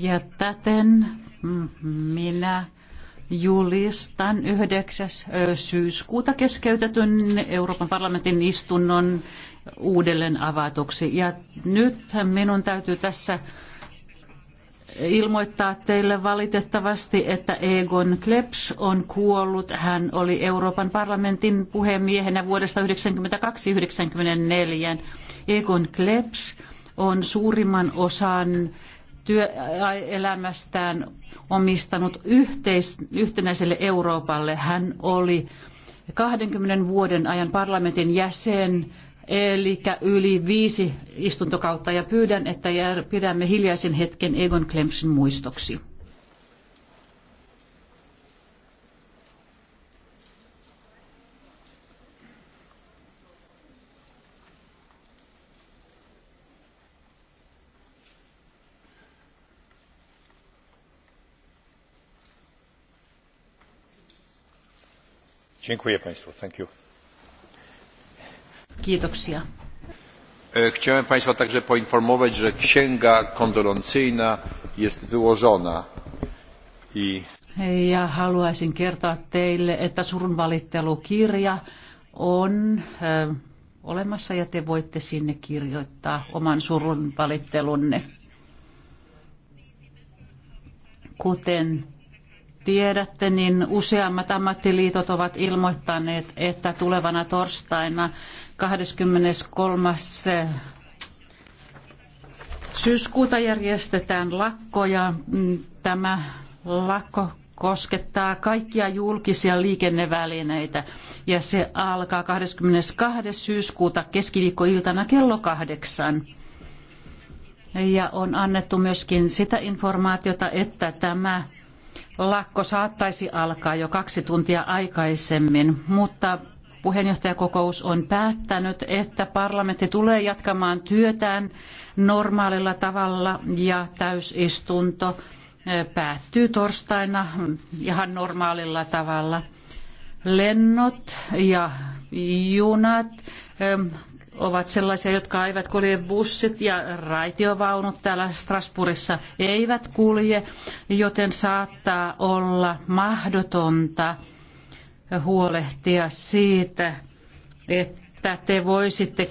Ja täten mm, minä julistan 9. syyskuuta keskeytetyn Euroopan parlamentin istunnon uudelleen avatuksi. Ja nyt minun täytyy tässä ilmoittaa teille valitettavasti, että Egon Kleps on kuollut. Hän oli Euroopan parlamentin puhemiehenä vuodesta 1992-1994. Egon Kleps on suurimman osan työelämästään omistanut yhteis, yhtenäiselle Euroopalle. Hän oli 20 vuoden ajan parlamentin jäsen, eli yli viisi istuntokautta, ja pyydän, että pidämme hiljaisen hetken Egon Klemsin muistoksi. Kiitoksia. E, chciałem Państwa także poinformować, że księga kondolencyjna jest wyłożona i ja haluaisin kertoa teille, että surunvalittelukirja on ö, e, olemassa ja te voitte sinne kirjoittaa oman surunvalittelunne. Kuten tiedätte, niin useammat ammattiliitot ovat ilmoittaneet, että tulevana torstaina 23. syyskuuta järjestetään lakko ja mm, tämä lakko koskettaa kaikkia julkisia liikennevälineitä ja se alkaa 22. syyskuuta keskiviikkoiltana kello kahdeksan. Ja on annettu myöskin sitä informaatiota, että tämä Lakko saattaisi alkaa jo kaksi tuntia aikaisemmin, mutta puheenjohtajakokous on päättänyt, että parlamentti tulee jatkamaan työtään normaalilla tavalla ja täysistunto eh, päättyy torstaina ihan normaalilla tavalla. Lennot ja junat eh, ovat sellaisia, jotka eivät kulje bussit ja raitiovaunut täällä Strasbourgissa eivät kulje, joten saattaa olla mahdotonta huolehtia siitä, että te voisitte